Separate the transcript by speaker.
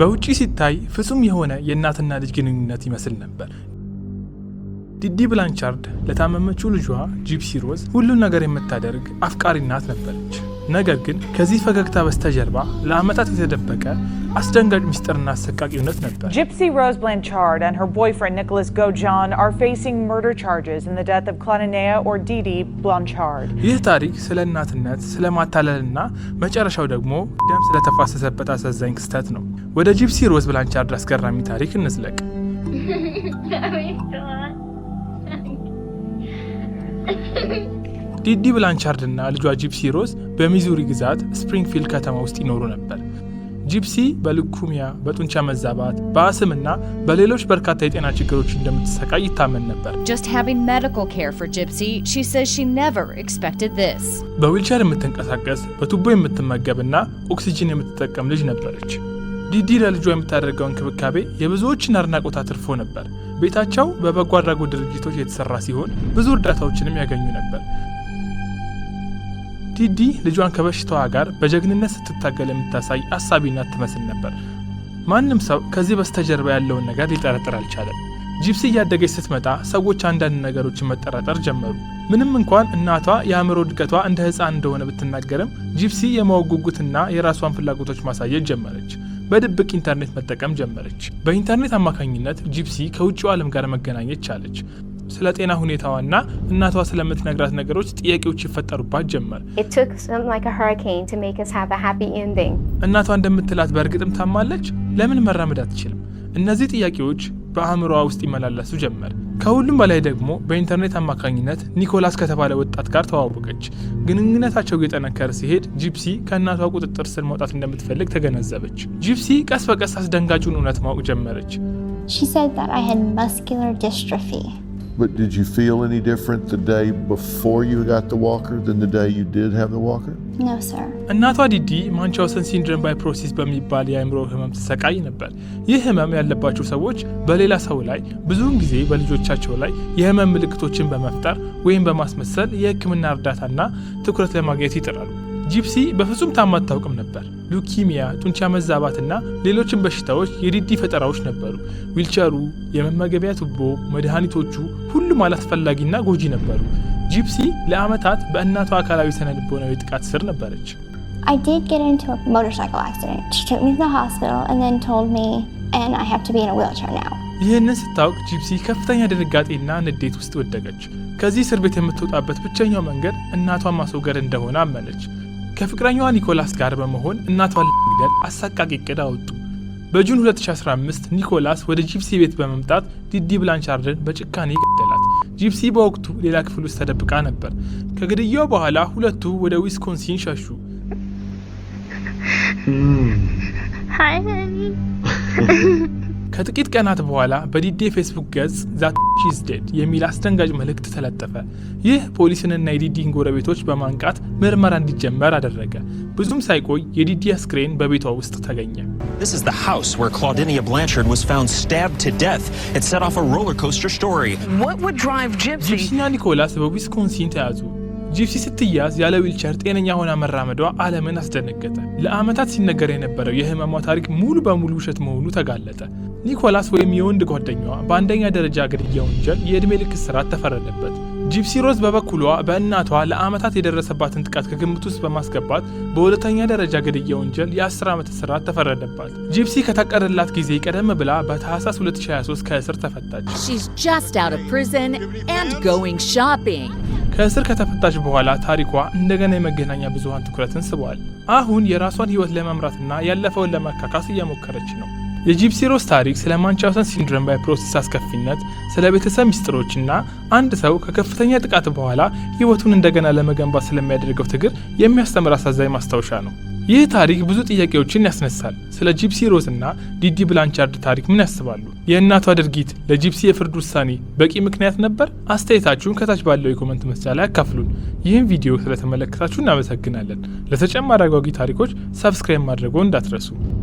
Speaker 1: በውጪ ሲታይ ፍጹም የሆነ የእናትና ልጅ ግንኙነት ይመስል ነበር። ዲዲ ብላንቻርድ ለታመመችው ልጇ ጂፕሲ ሮዝ ሁሉን ነገር የምታደርግ አፍቃሪ እናት ነበር። ነገር ግን ከዚህ ፈገግታ በስተጀርባ ለዓመታት የተደበቀ አስደንጋጭ ምስጢርና አሰቃቂ እውነት ነበር።
Speaker 2: ጂፕሲ ሮዝ ብላንቻርድ and her boyfriend Nicholas Gaujon are facing murder charges in the death of or Didi Blanchard።
Speaker 1: ይህ ታሪክ ስለ እናትነት፣ ስለ ማታለልና መጨረሻው ደግሞ ደም ስለተፋሰሰበት አሳዛኝ ክስተት ነው። ወደ ጂፕሲ ሮዝ ብላንቻርድ አስገራሚ ታሪክ እንዝለቅ። ዲዲ ብላንቻርድ እና ልጇ ጂፕሲ ሮዝ በሚዙሪ ግዛት ስፕሪንግፊልድ ከተማ ውስጥ ይኖሩ ነበር። ጂፕሲ በልኩሚያ በጡንቻ መዛባት፣ በአስም እና በሌሎች በርካታ የጤና ችግሮች እንደምትሰቃይ ይታመን ነበር። በዊልቸር የምትንቀሳቀስ በቱቦ የምትመገብ እና ኦክሲጂን የምትጠቀም ልጅ ነበረች። ዲዲ ለልጇ የምታደርገው እንክብካቤ የብዙዎችን አድናቆት አትርፎ ነበር። ቤታቸው በበጎ አድራጎት ድርጅቶች የተሰራ ሲሆን ብዙ እርዳታዎችንም ያገኙ ነበር። ዲዲ ልጇን ከበሽታዋ ጋር በጀግንነት ስትታገል የምታሳይ አሳቢና ትመስል ነበር። ማንም ሰው ከዚህ በስተጀርባ ያለውን ነገር ሊጠረጥር አልቻለም። ጂፕሲ እያደገች ስትመጣ ሰዎች አንዳንድ ነገሮችን መጠራጠር ጀመሩ። ምንም እንኳን እናቷ የአእምሮ እድገቷ እንደ ሕፃን እንደሆነ ብትናገርም ጂፕሲ የማወቅ ጉጉትና የራሷን ፍላጎቶች ማሳየት ጀመረች። በድብቅ ኢንተርኔት መጠቀም ጀመረች። በኢንተርኔት አማካኝነት ጂፕሲ ከውጭው ዓለም ጋር መገናኘት ቻለች። ስለ ጤና ሁኔታዋና እናቷ ስለምትነግራት ነገሮች ጥያቄዎች ይፈጠሩባት ጀመር። እናቷ እንደምትላት በእርግጥም ታማለች? ለምን መራመድ አትችልም? እነዚህ ጥያቄዎች በአእምሮዋ ውስጥ ይመላለሱ ጀመር። ከሁሉም በላይ ደግሞ በኢንተርኔት አማካኝነት ኒኮላስ ከተባለ ወጣት ጋር ተዋወቀች። ግንኙነታቸው እየጠነከረ ሲሄድ ጂፕሲ ከእናቷ ቁጥጥር ስር መውጣት እንደምትፈልግ ተገነዘበች። ጂፕሲ ቀስ በቀስ አስደንጋጩን እውነት ማወቅ ጀመረች።
Speaker 3: But did you feel any different the day before you got the walker than the day you did have the walker?
Speaker 4: No, sir.
Speaker 1: እናቷ ዲዲ ማንቻውሰን ሲንድረም ባይፕሮሲስ በሚባል የአእምሮ ህመም ተሰቃይ ነበር። ይህ ህመም ያለባቸው ሰዎች በሌላ ሰው ላይ ብዙውን ጊዜ በልጆቻቸው ላይ የህመም ምልክቶችን በመፍጠር ወይም በማስመሰል የህክምና እርዳታና ትኩረት ለማግኘት ይጥራሉ። ጂፕሲ በፍጹም ታማ አታውቅም ነበር። ሉኪሚያ፣ ጡንቻ መዛባትና ሌሎችም በሽታዎች የዲዲ ፈጠራዎች ነበሩ። ዊልቸሩ፣ የመመገቢያ ቱቦ፣ መድኃኒቶቹ ሁሉም አላስፈላጊና ጎጂ ነበሩ። ጂፕሲ ለዓመታት በእናቷ አካላዊ ስነ ልቦናዊ ጥቃት ስር ነበረች። ይህንን ስታውቅ ጂፕሲ ከፍተኛ ድንጋጤና ንዴት ውስጥ ወደቀች። ከዚህ እስር ቤት የምትወጣበት ብቸኛው መንገድ እናቷን ማስወገድ እንደሆነ አመነች። ከፍቅረኛዋ ኒኮላስ ጋር በመሆን እናቷን ለመግደል አሳቃቂ እቅድ አወጡ። በጁን 2015 ኒኮላስ ወደ ጂፕሲ ቤት በመምጣት ዲዲ ብላንቻርድን በጭካኔ ገደላት። ጂፕሲ በወቅቱ ሌላ ክፍል ውስጥ ተደብቃ ነበር። ከግድያው በኋላ ሁለቱ ወደ ዊስኮንሲን ሸሹ። ሃይ ከጥቂት ቀናት በኋላ በዲዴ ፌስቡክ ገጽ ዛት ሺዝ ዴድ የሚል አስደንጋጭ መልእክት ተለጠፈ። ይህ ፖሊስንና የዲዲን ጎረቤቶች በማንቃት ምርመራ እንዲጀመር አደረገ። ብዙም ሳይቆይ የዲዲ አስክሬን በቤቷ ውስጥ ተገኘ።
Speaker 5: This is the house where Claudinia Blanchard was found stabbed to death. It set off a roller coaster story.
Speaker 2: What would drive Gypsy?
Speaker 1: ጂፕሲና ኒኮላስ በዊስኮንሲን ተያዙ። ጂፕሲ ስትያዝ ያለ ዊልቸር ጤነኛ ሆና መራመዷ ዓለምን አስደነገጠ። ለዓመታት ሲነገር የነበረው የህመሟ ታሪክ ሙሉ በሙሉ ውሸት መሆኑ ተጋለጠ። ኒኮላስ ወይም የወንድ ጓደኛዋ በአንደኛ ደረጃ ግድያ ወንጀል የዕድሜ ልክ እስራት ተፈረደበት። ጂፕሲ ሮዝ በበኩሏ በእናቷ ለዓመታት የደረሰባትን ጥቃት ከግምት ውስጥ በማስገባት በሁለተኛ ደረጃ ግድያ ወንጀል የ10 ዓመት እስራት ተፈረደባት። ጂፕሲ ከታቀደላት ጊዜ ቀደም ብላ በታህሳስ 2023 ከእስር ተፈታች። ከእስር ከተፈታች በኋላ ታሪኳ እንደገና የመገናኛ ብዙሃን ትኩረትን ስቧል። አሁን የራሷን ሕይወት ለመምራትና ያለፈውን ለማካካስ እየሞከረች ነው። የጂፕሲ ሮዝ ታሪክ ስለ ማንቻውሰን ሲንድሮም ባይ ፕሮሰስ አስከፊነት፣ ስለ ቤተሰብ ሚስጥሮችና አንድ ሰው ከከፍተኛ ጥቃት በኋላ ሕይወቱን እንደገና ለመገንባት ስለሚያደርገው ትግር የሚያስተምር አሳዛኝ ማስታወሻ ነው። ይህ ታሪክ ብዙ ጥያቄዎችን ያስነሳል። ስለ ጂፕሲ ሮዝ እና ዲዲ ብላንቻርድ ታሪክ ምን ያስባሉ? የእናቷ ድርጊት ለጂፕሲ የፍርድ ውሳኔ በቂ ምክንያት ነበር? አስተያየታችሁን ከታች ባለው የኮመንት መስጫ ላይ አካፍሉን። ይህን ቪዲዮ ስለተመለከታችሁ እናመሰግናለን። ለተጨማሪ አጓጊ ታሪኮች ሰብስክራይብ ማድረጎ እንዳትረሱ።